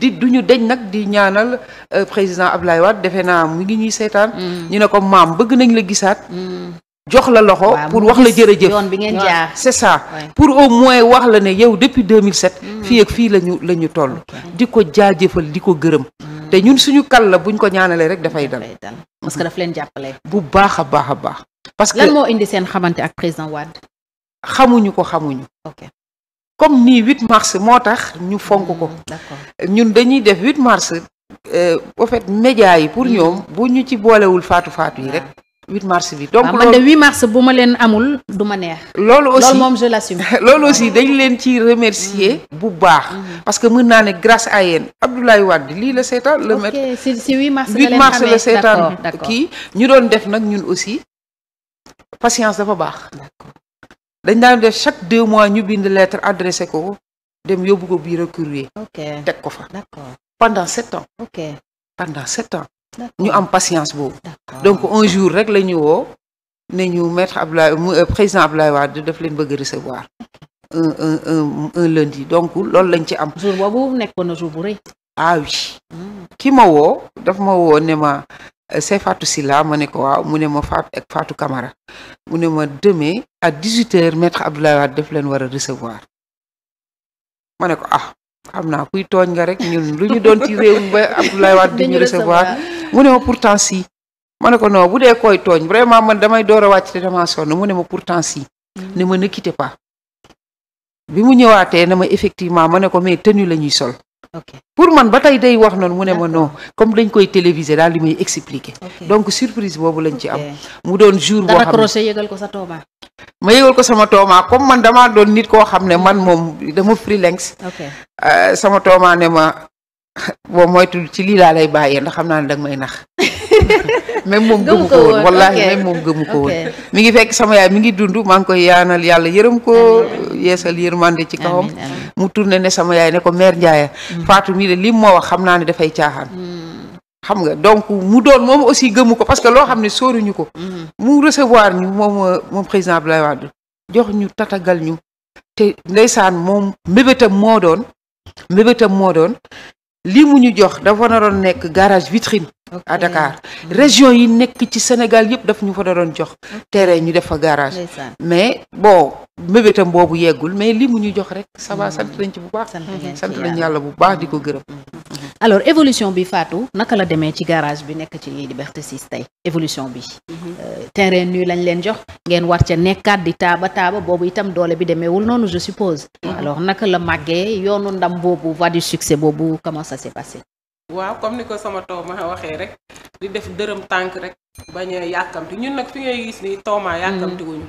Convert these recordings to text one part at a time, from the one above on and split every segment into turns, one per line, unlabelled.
di duñu deñ nag di ñaanal euh, président Abdoulaye Wade defe naa mu ngi ñuy seetaan. Mm. ñu ne ko maam bëgg nañ la gisaat. Mm. jox la loxo pour wax la jërëjëf yoon bi ngeen jaar c'est ça pour au moins wax la ne yow depuis 2007. Mm. fii ak fii la ñu la ñu toll. di ko jaajëfal di ko gërëm. te ñun suñu kal la buñ ko ñaanalee rek dafay dal. parce que daf leen jàppale. bu baax a baax a baax. parce que lan moo indi seen xamante ak président Wade. xamuñu ko xamuñu. comme ni 8 mars motax ñu fonko ko mm, ñun dañuy def 8 mars euh en fait média yi pour mm. ñom bu ñu ci boolewul faatu faatu yi rek 8 ah. mars bi donc ah, man de 8 mars buma len amul duma neex lolu aussi lolu mom je l'assume lolu aussi dañ leen ci remercier mm. bu baax parce que mën naa ne grâce à yéen Abdoulaye Wade li le setan le maître c'est c'est 8 mars 8 mars la seetaan kii ñu doon def nak ñun aussi patience dafa baax dañ daan def chaque deux mois ñu bind lettre adressé ko dem yóbbu ko bureau courrier teg ko fa pendant sept ans pendant sept ans ñu am patience boobu donc un jour rek la ñu woo ne ñu maître Abdoulaye euh, président Abdoulaye Wade daf leen bëgg recevoir un un un un lundi donc loolu lañ ci am jour boobu nekkoon na jour bu rëy ah oui hmm. ki ma woo daf ma woo ne ma c'est Fatou Sylla ma ne ko waaw mu ne ma Fatou ak Fatou Camara mu ne ma demee à 18h maître Abdoulaye Wade def leen war a recevoir ma ne ko ah xam naa kuy tooñ nga rek ñun lu ñu doon ci réew mi ba Abdoulaye Wade di ñu recevoir mu ne ma pourtant si ma ne ko non bu dee koy tooñ vraiment man damay door a wàcc te damaa sonn mu ne ma pourtant si mm. ne ma ne quittez pas bi mu ñëwaatee na ma effectivement ma ne ko mais tenue la ñuy sol pour man ba tey day wax noonu mu ne ma noo comme dañ koy téléviser daal li may expliquer. donc surprise boobu lañ ci am. mu doon jour boo xam ne
yëgal ko sa tooma
ma yëgal ko sama tooma comme man damaa doon nit koo xam ne man moom dama freelance. Euh, sama tooma ne ma moom moytul ci lii laa lay bàyyee ndax xam naa ne danga may nax. même moom gëmu ko woon wallaahi même moom gëmu ko woon mi ngi fekk sama yaay mi ngi dund maa ngi koy yaanal yàlla yërëm ko yeesal yërmande ci kawam mu tourné ne sama yaay ne ko mère Ndiaye mm. Fatou mii de li moo wax xam naa ne dafay caaxaan mm. xam nga donc mu doon moom aussi gëmu ko parce que loo xam ne sóoruñu ko mm. mu recevoir ñu moom moom président Abdoulaye du jox ñu tatagal ñu te ndeysaan moom mébétam moo doon mébétam moo doon lii mu ñu jox dafa doon nekk garage vitrine okay. à Dakar région yi nekk ci Sénégal yëpp daf ñu fa doon jox tere ñu def fa garage mais bon mébétam boobu yeggul mais li mu ñu jox rek ça va mm-hmm. sant ci bu baax sant nañ yàlla bu baax di ko gërëm mm-hmm. alors évolution bi Fatou naka la demee ci garage bi nekk ci Liberté 6 tey évolution bi mm-hmm. euh, terrain nu lañ leen jox ngeen war ca nekkaat di taaba taaba boobu itam doole bi demeewul noonu je suppose alors naka la maggee yoonu ndam boobu voie du succès boobu comment ça s'est passé
waaw comme ni ko sama tooma waxee rek di def dërëm tànk rek bañ a yàkkamti ñun nag fi ngay gis ni tooma yàkkamtiwuñu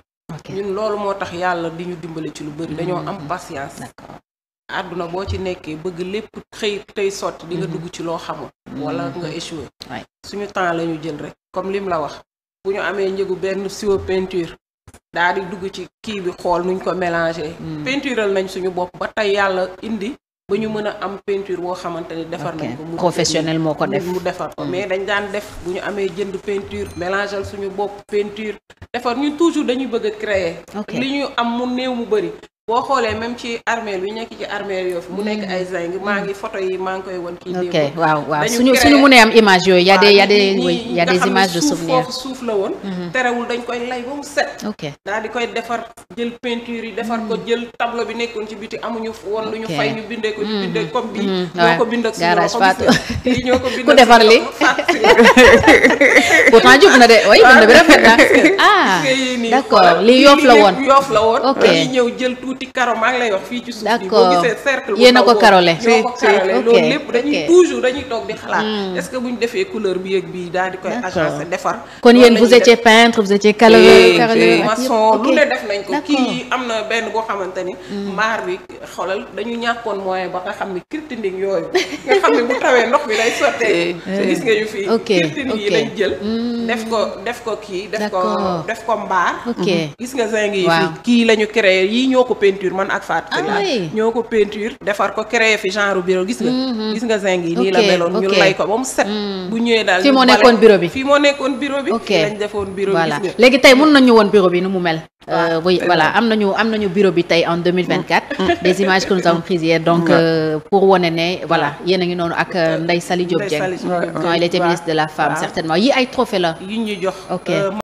ñun loolu moo tax yàlla di ñu dimbali ci lu bëri dañoo am patience àdduna boo ci nekkee bëgg lépp xëy tey sotti di nga mm-hmm. dugg ci loo xamul mm-hmm. wala nga échoué suñu temps la ñu jël rek comme lim la wax bu ñu amee njëgu benn siwo peinture daal di dugg ci kii bi xool nuñ ko mélanger mm. peintural nañ suñu bopp ba tey yàlla indi ba ñu mën a am peinture boo xamante ni defar nañ ko mu professionnel moo mu defar ko mm. mais dañ daan def bu ñu amee jënd peinture mélangeal suñu bopp peinture defar ni toujours dañuy bëgg a créer li ñu am mu néew mu bëri boo xoolee même ci armeel yi nekk ci armeel yoo fi mu nekk ay zinc maa ngi photo yi maa ngi koy won
kii ok waaw waaw suñu suñu mënee am image yooyu y a des y a des y a des images de souvenirs foofu
suuf la woon mhm. terewul dañ koy lay ba mu set ok daal di koy defar jël peinture yi defar ko mhm. jël tableau bi nekkoon ci biti amuñu woon lu ñu fay ñu bindee ko ñu mhm. bindee comme bi ñoo ko bind ak garage Fatou
li ñoo ko bind ku defar li pourtant jub na de way bind bi rafet na ah d'accord li yoof la woon
yoof la woon ok ñëw jël tuuti tuuti karo maa ngi lay wax fii ci suuf bi boo gisee cercle bu yéen a ko karole loolu lépp dañuy toujours dañuy toog di xalaat hmm. est-ce que defee couleur bi yëg bi daal di koy agencé defar kon yéen vous étiez peintre vous étiez carreleur maçon na benn boo xamante ni mbaar hmm. bi xoolal dañu ñàkkoon moyen ba nga xam ne kirtinding yooyu nga xam ne bu tawee ndox bi lay sottee gis nga yu fii kirtinding yi lañ jël hmm. def ko def ko kii def ko def ko mbaar gis nga zinc yi kii lañu créé yi ñoo ko peinture man ak Fatou Sylla ah ñoko peinture defar ko créé fi genre bureau gis nga mm-hmm. gis nga zinc yi la mélone ñu lay ko ba mu set mm. bu ñëwee dal fi mo nekkoon bureau bi fi mo nekkoon bureau bi lañ defoon bureau gis nga
léegi tey mun nañu won bureau bi nu mu mel ah, euh, voilà am nañu am nañu bureau bi tay en 2024 mm. mm. des images que nous avons prises hier donc euh, pour woné né voilà yéen ngi noonu ak euh, Ndeye Sali Diop Dieng quand elle était ministre de la femme certainement yi ay trophée la yi ñu jox